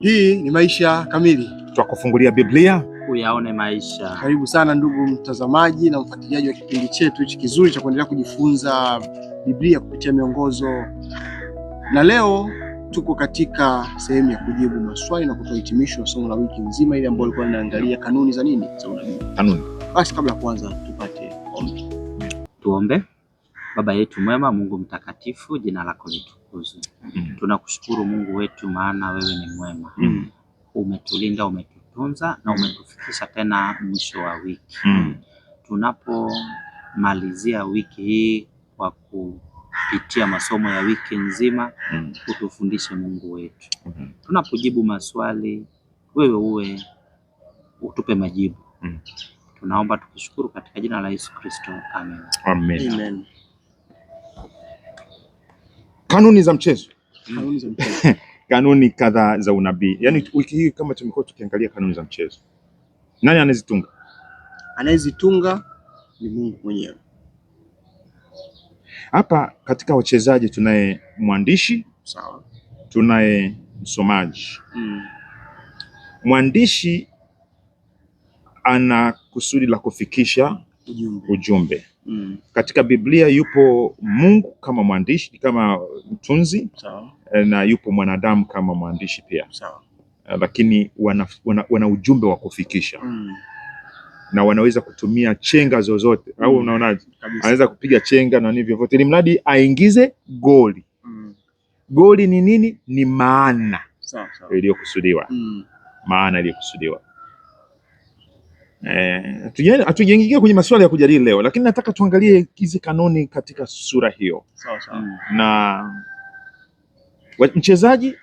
Hii ni Maisha Kamili, twakufungulia Biblia uyaone maisha. Karibu sana ndugu mtazamaji na mfuatiliaji wa kipindi chetu hichi kizuri cha kuendelea kujifunza Biblia kupitia miongozo, na leo tuko katika sehemu ya kujibu maswali na kutoa hitimisho somo la wiki nzima ile ambayo ilikuwa inaangalia kanuni za nini, za unabii, kanuni. Basi kabla ya kuanza, tupate ombi, tuombe. Baba yetu mwema, Mungu mtakatifu, jina lako litukuzwe. mm Tunakushukuru Mungu wetu, maana wewe ni mwema. mm Umetulinda, umetutunza na umetufikisha tena mwisho wa wiki. mm Tunapomalizia wiki hii kwa kupitia masomo ya wiki nzima, mm utufundishe Mungu wetu. mm -hmm. Tunapojibu maswali, wewe uwe utupe majibu. mm Tunaomba tukishukuru katika jina la Yesu Kristo, amen, amen. amen kanuni za mchezo kanuni kadhaa za unabii. yani wiki hii kama tumekuwa tukiangalia kanuni za mchezo, nani anazitunga? Anayezitunga ni Mungu mwenyewe. Hapa katika wachezaji tunaye mwandishi sawa, tunaye msomaji mm. Mwandishi ana kusudi la kufikisha ujumbe, ujumbe. Mm. Katika Biblia yupo Mungu kama mwandishi kama mtunzi Sao. Eh, na yupo mwanadamu kama mwandishi pia Sao. Eh, lakini wana, wana, wana ujumbe wa kufikisha mm. na wanaweza kutumia chenga zozote mm. au unaona anaweza kupiga chenga na nini vyovyote, ili mradi aingize goli mm. Goli ni nini? Ni maana iliyokusudiwa mm. maana iliyokusudiwa Eh, hatujaingia kwenye masuala ya kujadili leo, lakini nataka tuangalie hizi kanuni katika sura hiyo sawa sawa. Mm. Na mchezaji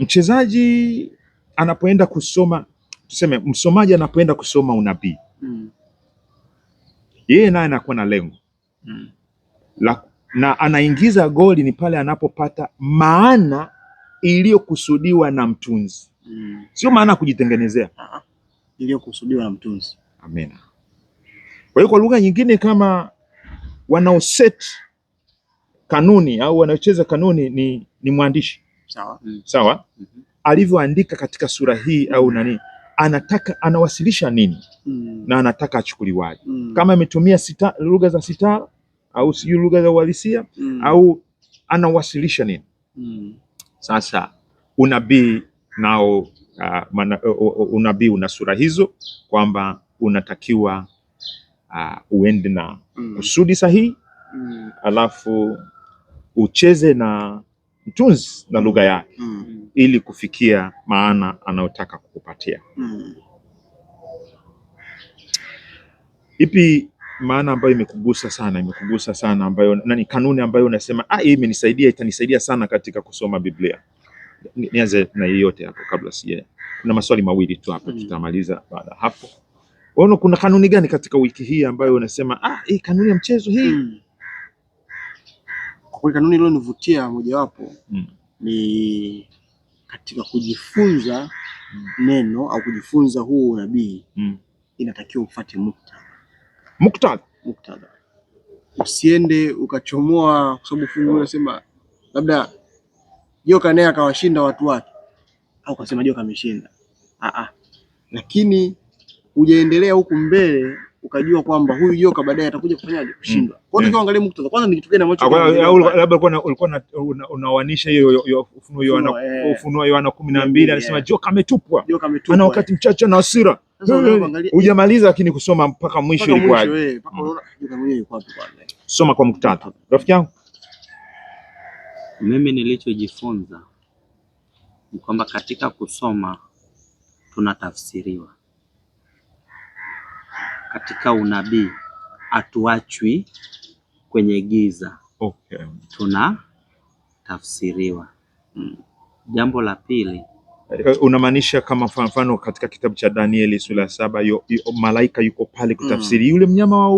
mchezaji anapoenda kusoma, tuseme msomaji anapoenda kusoma unabii mm. yeye naye anakuwa na lengo mm. la, na anaingiza goli ni pale anapopata maana iliyokusudiwa na mtunzi mm. sio maana ya kujitengenezea uh ah, -huh. Ah iliyokusudiwa na mtunzi. Amina. Kwa hiyo kwa lugha nyingine, kama wanaoset kanuni au wanaocheza kanuni ni, ni mwandishi sawa, mm. sawa? Mm -hmm. alivyoandika katika sura hii au nani anataka anawasilisha nini mm. na anataka achukuliwaje mm. kama ametumia lugha za sitara au sijui lugha za uhalisia mm. au anawasilisha nini mm. Sasa unabii nao uh, unabii una sura hizo kwamba unatakiwa uh, uende na mm. kusudi sahihi mm. alafu ucheze na mtunzi na lugha mm. yake mm. ili kufikia maana anayotaka kukupatia mm. Ipi maana ambayo imekugusa sana, imekugusa sana ambayo, nani kanuni ambayo unasema ah, hii imenisaidia, itanisaidia sana katika kusoma Biblia? nianze na yote hapo kabla sije, Kuna maswali mawili tu hapa, hmm. tutamaliza baada hapo. Waona kuna kanuni gani katika wiki hii ambayo unasema ah, hii kanuni ya mchezo hii hmm. Kwa kweli kanuni iliyonivutia mojawapo hmm. ni katika kujifunza hmm. neno au kujifunza huu unabii hmm. inatakiwa ufuate muktadha. Muktadha, muktadha, usiende ukachomoa kwa sababu fungu unasema labda Joka naye akawashinda watu wake, au kasema joka ameshinda? Ah ah, lakini ujaendelea huku mbele ukajua kwamba huyu joka baadaye atakuja kufanyaje? Mm. Kushindwa. Kwa hiyo tukiangalia muktadha kwanza, ni kitu gani ambacho labda ulikuwa unawanisha hiyo Ufunuo eh. Yohana kumi na 12 anasema joka ametupwa, ana eh. wakati mchache na hasira, Ujamaliza lakini kusoma mpaka mwisho. Ilikuwa eh. mm. soma kwa muktadha, rafiki yangu. Mimi nilichojifunza ni kwamba katika kusoma tunatafsiriwa, katika unabii hatuachwi kwenye giza, okay. Tunatafsiriwa mm. Jambo la pili eh, unamaanisha kama mfano katika kitabu cha Danieli sura ya saba yu, yu, malaika yuko pale kutafsiri mm. Yule mnyama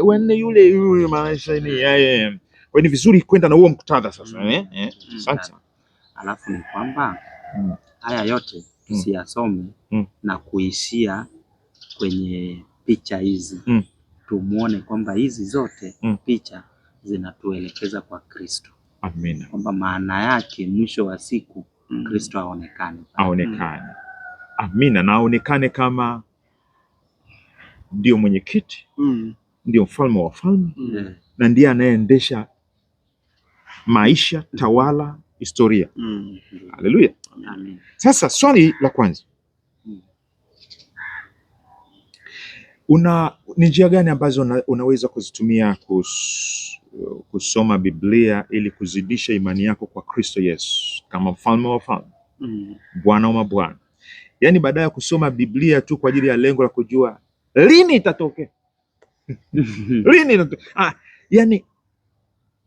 wa nne yule yule maanisha ni yeye kwa hiyo ni vizuri kwenda na huo muktadha sasa. Mm. Eh, eh, mm. asante. Alafu ni kwamba mm. haya yote tusiyasome mm. na kuishia kwenye picha hizi mm. Tumwone kwamba hizi zote mm. picha zinatuelekeza kwa Kristo, amina, kwamba maana yake mwisho wa siku mm. Kristo aonekane, aonekane, amina, na aonekane kama ndio mwenyekiti mm. ndio mfalme wa falme mm. na ndiye anayeendesha maisha, mm. tawala, historia. Haleluya! mm. Mm-hmm. Sasa swali la kwanza mm. una ni njia gani ambazo una, unaweza kuzitumia kus, kusoma Biblia ili kuzidisha imani yako kwa Kristo Yesu kama mfalme wa wafalme mm. Bwana wa mabwana, yaani baada ya kusoma Biblia tu kwa ajili ya lengo la kujua lini itatokea lini itatokea. Ah, yani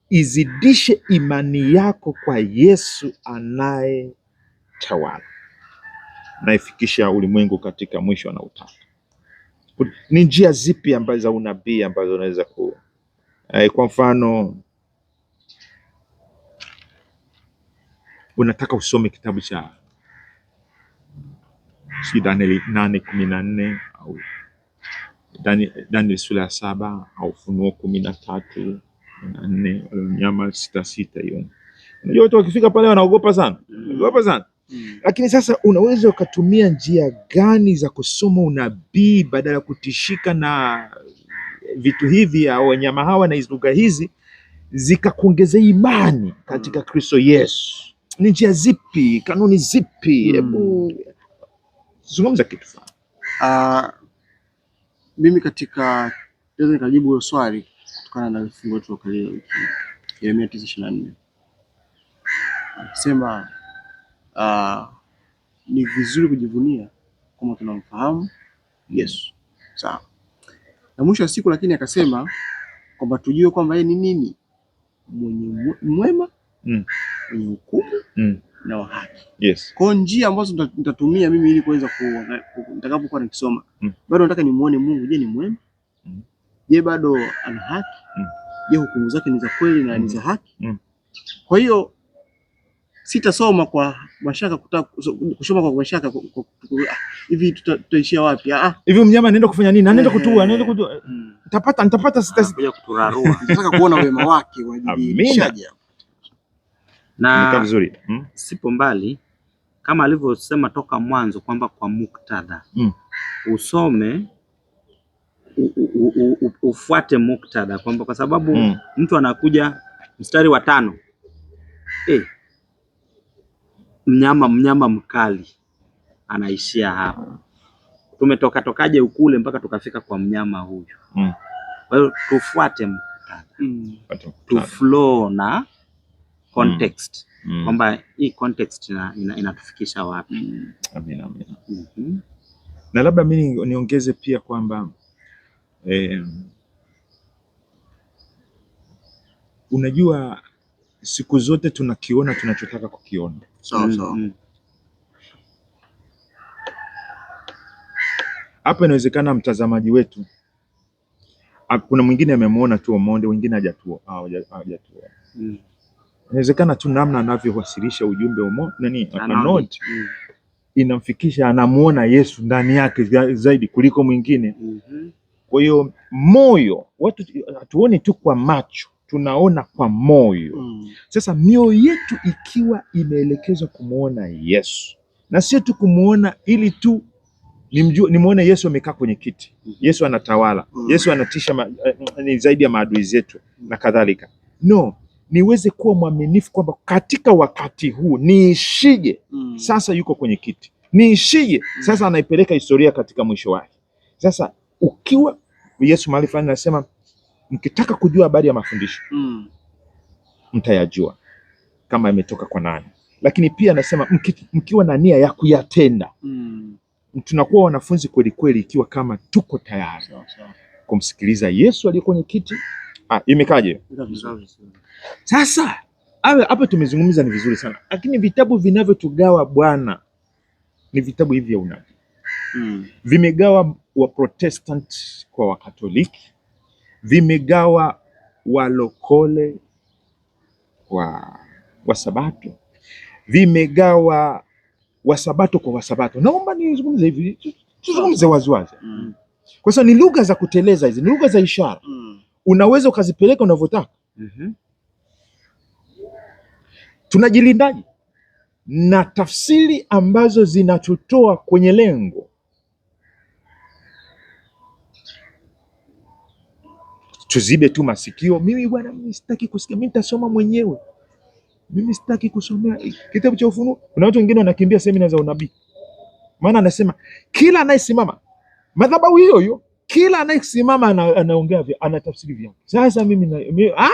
izidishe imani yako kwa Yesu anayetawala, anayefikisha ulimwengu katika mwisho anautaka. Ni njia zipi ambazo za unabii ambazo unaweza ku eh, kwa mfano unataka usome kitabu cha si Danieli nane kumi na nne au Danieli sura ya saba au Ufunuo kumi na tatu nne wale eh, nyama sita sita hiyo. Unajua watu wakifika pale wanaogopa sana, wanaogopa sana mm. Lakini sasa unaweza ukatumia njia gani za kusoma unabii badala ya kutishika na vitu hivi au wanyama hawa na lugha hizi zikakuongezea imani katika mm. Kristo Yesu? Ni njia zipi? Kanuni zipi? Mm. Hebu hmm. zungumza kitu fulani. Uh, mimi katika naweza nikajibu swali kutokana na vifungo wetu wiki ya mia tisa ishirini na nne akisema uh, ah, ni vizuri kujivunia kama tunamfahamu Yesu sawa, na mwisho wa siku lakini akasema kwamba tujue kwamba yeye ni nini, mwenye mwema mm. mwenye hukumu mm. na wa haki yes. Kwa njia ambazo nitatumia mimi ili kuweza ku, nitakapokuwa nikisoma mm. bado nataka nimuone Mungu, je, ni mwema Je, bado ana haki? Mm. Je, mm. hukumu zake ni za kweli na ni za mm. haki? mm. kwa hiyo sitasoma kwa mashaka, kutaka kusoma kwa mashaka hivi, tutaishia wapi? Ah, ah, hivi mnyama anaenda kufanya nini? Anaenda kutua, eh. anaenda kutua, nitapata nitapata, sitakuja kuturarua. Nataka kuona wema wake wajibiishaje na vizuri hmm? sipo mbali kama alivyosema toka mwanzo kwamba kwa muktadha hmm. usome u, u, u, ufuate muktadha kwamba kwa sababu mm. mtu anakuja mstari wa tano e, mnyama mnyama mkali anaishia hapa, tumetoka tokaje ukule mpaka tukafika kwa mnyama huyu mm. Kwa hiyo tufuate muktadha mm. tu flow na context mm. mm. kwamba hii context inatufikisha ina, ina wapi mm. amina, amina. Mm -hmm. na labda mimi niongeze pia kwamba Eh, unajua siku zote tunakiona tunachotaka kukiona. Sawa mm, so. Mm. Hapa inawezekana mtazamaji wetu kuna mwingine amemwona tu Omonde, wengine hajatuona. Ah, mm. Inawezekana tu namna anavyowasilisha ujumbe nani inamfikisha, anamwona Yesu ndani yake zaidi kuliko mwingine mm -hmm. Kwa hiyo moyo, watu hatuoni tu kwa macho, tunaona kwa moyo mm. Sasa mioyo yetu ikiwa imeelekezwa kumwona Yesu na sio tu kumwona ili tu nimjue nimwone Yesu amekaa kwenye kiti, mm-hmm. Yesu anatawala mm. Yesu anatisha ma, eh, ni zaidi ya maadui zetu mm. na kadhalika. No, niweze kuwa mwaminifu kwamba katika wakati huu niishije mm. Sasa yuko kwenye kiti, niishije mm. Sasa anaipeleka historia katika mwisho wake. Sasa ukiwa Yesu mahali fulani anasema mkitaka kujua habari ya mafundisho mm. mtayajua kama imetoka kwa nani, lakini pia anasema mki, mkiwa na nia ya kuyatenda mm. tunakuwa wanafunzi kweli kweli, ikiwa kama tuko tayari so, so. kumsikiliza Yesu aliye kwenye kiti. Ah, imekaje sasa? Hapa tumezungumza ni vizuri sana, lakini vitabu vinavyotugawa Bwana ni vitabu hivi vya unabii mm. vimegawa Waprotestant kwa Wakatoliki, vimegawa walokole kwa Wasabato, vimegawa Wasabato kwa Wasabato. Naomba nizungumze hivi, tuzungumze waziwazi mm. Kwa sababu ni lugha za kuteleza hizi, ni lugha za ishara mm. Unaweza ukazipeleka unavyotaka mm -hmm. Tunajilindaje na tafsiri ambazo zinatutoa kwenye lengo tuzibe tu masikio. Mimi bwana, mimi sitaki kusikia, mimi nitasoma mwenyewe, mimi sitaki kusomea kitabu cha Ufunuo. Kuna watu wengine wanakimbia semina za unabii, maana anasema kila anayesimama madhabahu hiyo hiyo, kila anayesimama anaongea vya anatafsiri vya. Sasa mimi na mimi, ah,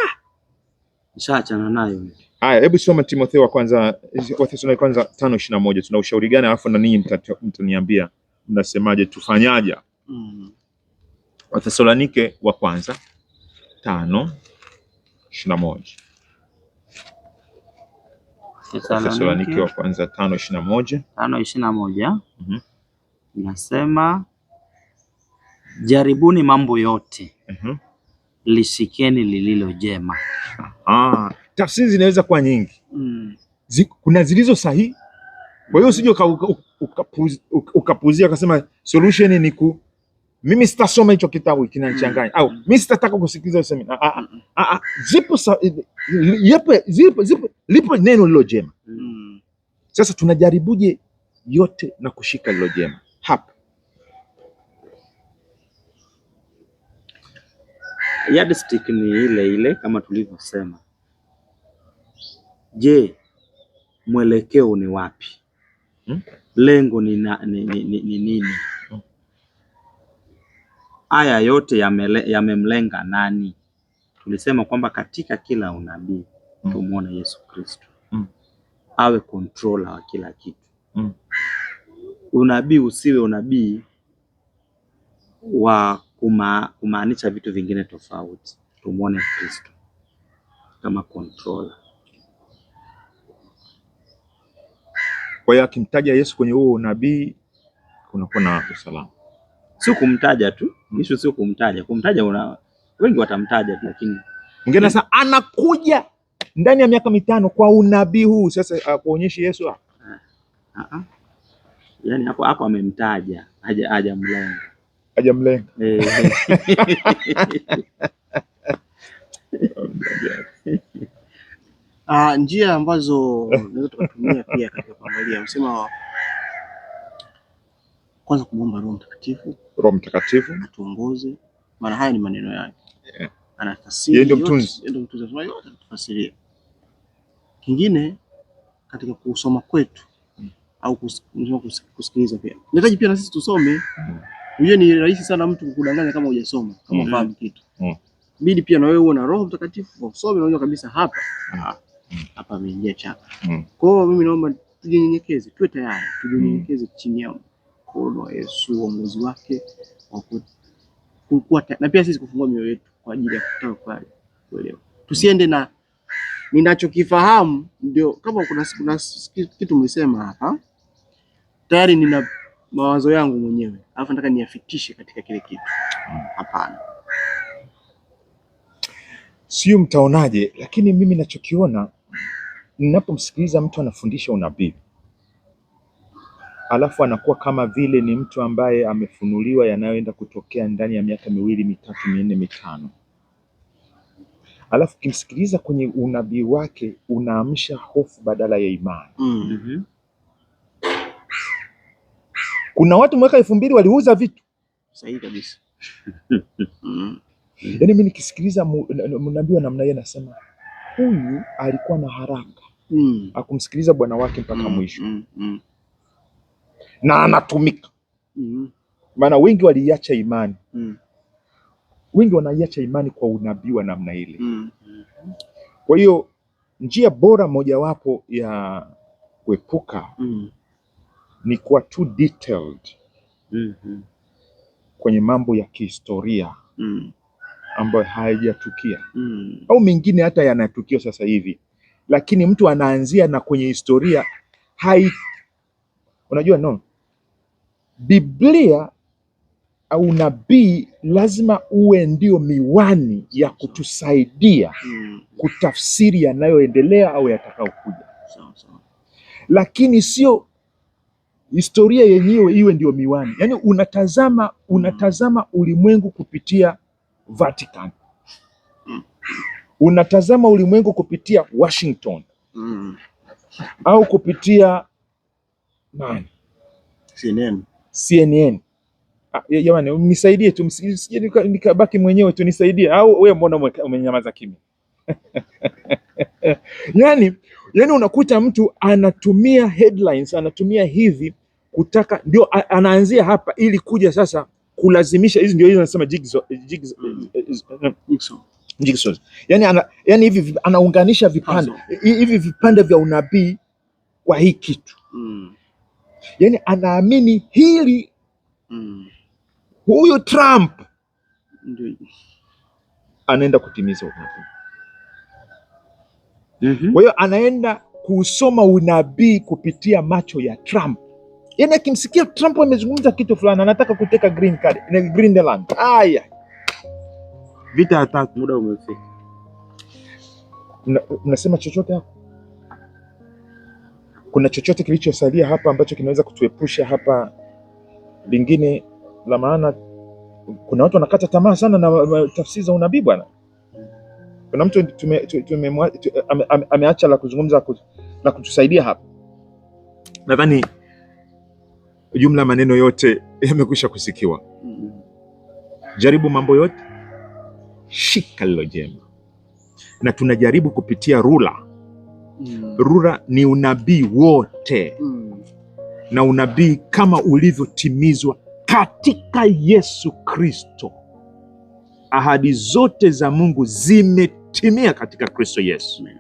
nishaachana nayo. Haya, hebu soma Timotheo wa kwanza Wathesalonike kwanza 5:21 tunaushauri gani, alafu na ninyi mtaniambia mnasemaje, tufanyaje? mm. Wathesalonike wa kwanza 5:21 tano ishirini na moja Wathesalonike wa kwanza tano ishirini na moja tano ishirini na moja mhm. inasema jaribuni mambo yote uhum. Lishikeni lililo jema. Ah, tafsiri zinaweza kuwa nyingi mm. Zi, kuna zilizo sahihi, kwa hiyo usije ukapuuzia ukasema solution ni ku mimi sitasoma hicho kitabu kinanichanganya, mm, au mm. mimi sitataka kusikiliza semina. Ah, ah, mm, ah, zipo, zipo, zipo, lipo neno lilo jema. Sasa tunajaribuje yote na kushika lilo jema hapa? Yardstick ni ile ile kama tulivyosema. Je, mwelekeo ni wapi? Hmm? Lengo ni nini? haya yote yamemlenga nani? Tulisema kwamba katika kila unabii mm. tumwone Yesu Kristo mm. awe controller wa kila kitu mm. unabii usiwe unabii wa kuma, kumaanisha vitu vingine tofauti. Tumwone Kristo kama controller. Kwa hiyo akimtaja Yesu kwenye huo unabii kunakuwa na usalama sio kumtaja tu, hmm. issue sio kumtaja. Kumtaja una wengi watamtaja tu, lakini mwingine sasa anakuja ndani ya miaka mitano kwa unabii huu sasa uh, kuonyesha Yesu ha. Ha -huh. Ah, ah, ah. Yani hapo hapo amemtaja, haja haja mlenga, haja mlenga eh, eh. Ah, njia ambazo naweza tukatumia pia katika kuangalia, unasema kwanza kumwomba Roho Mtakatifu Roho Mtakatifu tuongoze, maana haya ni maneno yake yeah. yeye ndio mtunzi, yeye ndio mtunzi wa yote atafasiria. Kingine katika kusoma kwetu mm. au kusikiliza pia nahitaji pia na sisi tusome mm. ni rahisi sana mtu kukudanganya kama hujasoma kama mm. fahamu kitu mm. bidi pia na wewe uwe na Roho Mtakatifu kwa usome, unajua kabisa hapa hapa ah. hmm. hapa ameingia chapa. mm. Kwa hiyo mimi naomba tujinyenyekeze, tuwe tayari tujinyenyekeze mm. chini yao mkono wa Yesu, uongozi wake kukua, na pia sisi kufungua mioyo yetu kwa ajili ya kutaka kuelewa. Tusiende na ninachokifahamu ndio, kama kuna, kuna kitu mlisema hapa tayari nina mawazo yangu mwenyewe alafu nataka niyafikishe katika kile kitu. Hapana, sio mtaonaje, lakini mimi nachokiona ninapomsikiliza mtu anafundisha unabii alafu anakuwa kama vile ni mtu ambaye amefunuliwa yanayoenda kutokea ndani ya miaka miwili mitatu minne mitano alafu ukimsikiliza kwenye unabii wake unaamsha hofu badala ya imani. mm -hmm. Kuna watu mwaka elfu mbili waliuza vitu sahihi kabisa. mm -hmm. Yaani mi nikisikiliza mnabii wa namna hiyo anasema huyu alikuwa na haraka mm -hmm. akumsikiliza bwana wake mpaka mm, mwisho. mm -hmm na anatumika mm. Maana wengi waliiacha imani mm. Wengi wanaiacha imani kwa unabii wa namna ile mm. Kwa hiyo njia bora mojawapo ya kuepuka mm. ni kuwa too detailed mm -hmm. kwenye mambo ya kihistoria mm. ambayo hayajatukia mm. au mengine hata yanatukia sasa hivi, lakini mtu anaanzia na kwenye historia hai Unajua no, Biblia au nabii lazima uwe ndio miwani ya kutusaidia hmm. kutafsiri yanayoendelea au yatakayokuja, lakini sio historia yenyewe iwe ndio miwani. Yaani unatazama unatazama ulimwengu kupitia Vatican, hmm. unatazama ulimwengu kupitia Washington hmm. au kupitia CNN. CNN. Ah, jamani, nisaidie tu, msije nikabaki mwenyewe tu, nisaidie. Au wewe mbona umenyamaza kimya? Yani, yani unakuta mtu anatumia headlines, anatumia hivi kutaka ndio anaanzia hapa ili kuja sasa kulazimisha hizi, ndio hizo anasema jigsaw, Yani, ana, yani hivi anaunganisha vipande hivi vipande vya unabii kwa hii kitu mm yani anaamini hili mm. Huyu Trump anaenda kutimiza unabii mm -hmm. Kwa hiyo anaenda kusoma unabii kupitia macho ya Trump. Yani akimsikia Trump amezungumza kitu fulani, anataka kuteka green card na eh, Greenland. Haya, vita hataki, muda umefika. Mnasema chochote hapo? kuna chochote kilichosalia hapa ambacho kinaweza kutuepusha hapa lingine la maana? Kuna watu wanakata tamaa sana na tafsiri za unabii bwana. Kuna mtu ameacha la kuzungumza la kutusaidia hapa. Nadhani jumla maneno yote yamekwisha kusikiwa. Jaribu mambo yote, shika lilo jema, na tunajaribu kupitia rula mm. Rura ni unabii wote mm. na unabii kama ulivyotimizwa katika Yesu Kristo. Ahadi zote za Mungu zimetimia katika Kristo Yesu mm.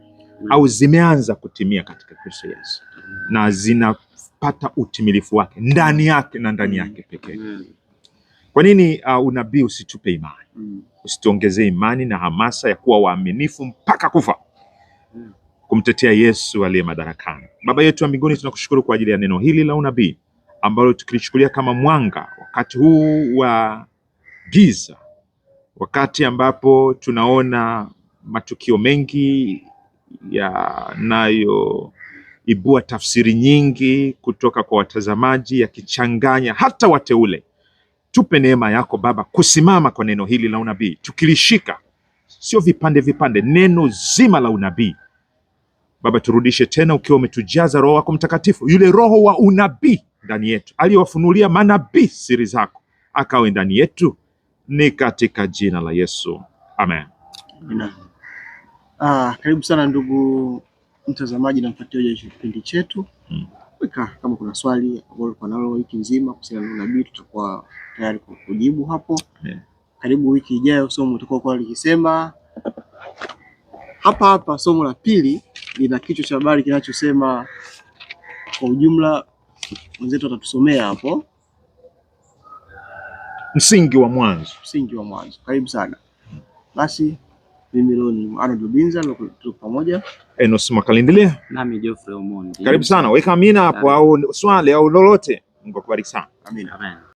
au zimeanza kutimia katika Kristo Yesu mm. na zinapata utimilifu wake ndani yake na ndani yake mm. pekee mm. Kwa nini uh, unabii usitupe imani mm. usituongezee imani na hamasa ya kuwa waaminifu mpaka kufa kumtetea Yesu aliye madarakani. Baba yetu wa mbinguni, tunakushukuru kwa ajili ya neno hili la unabii ambalo tukilichukulia kama mwanga wakati huu wa giza, wakati ambapo tunaona matukio mengi yanayoibua tafsiri nyingi kutoka kwa watazamaji, yakichanganya hata wateule. Tupe neema yako Baba kusimama kwa neno hili la unabii, tukilishika sio vipande vipande, neno zima la unabii Baba, turudishe tena ukiwa umetujaza Roho wako Mtakatifu, yule roho wa unabii ndani yetu, aliyewafunulia manabii siri zako, akawe ndani yetu, ni katika jina la Yesu, amen. Ah, karibu sana ndugu mtazamaji na mfuatiliaji wa kipindi chetu hmm. Weka kama kuna swali ambalo ulikuwa nalo wiki nzima kuhusiana na unabii, tutakuwa tayari kwa kujibu hapo yeah. Karibu wiki ijayo, somo tutakuwa kwa likisema hapa hapa, somo la pili ina kichwa cha habari kinachosema kwa ujumla, wenzetu atatusomea hapo, msingi wa mwanzo. Msingi wa mwanzo, karibu sana. Basi mimi leo ni Arnold Lubinza, tuko pamoja Enos Makalindile nami Geoffrey Omondi. Karibu sana, weka amina hapo au swali au lolote. Mungu akubariki sana. Amina. Amen.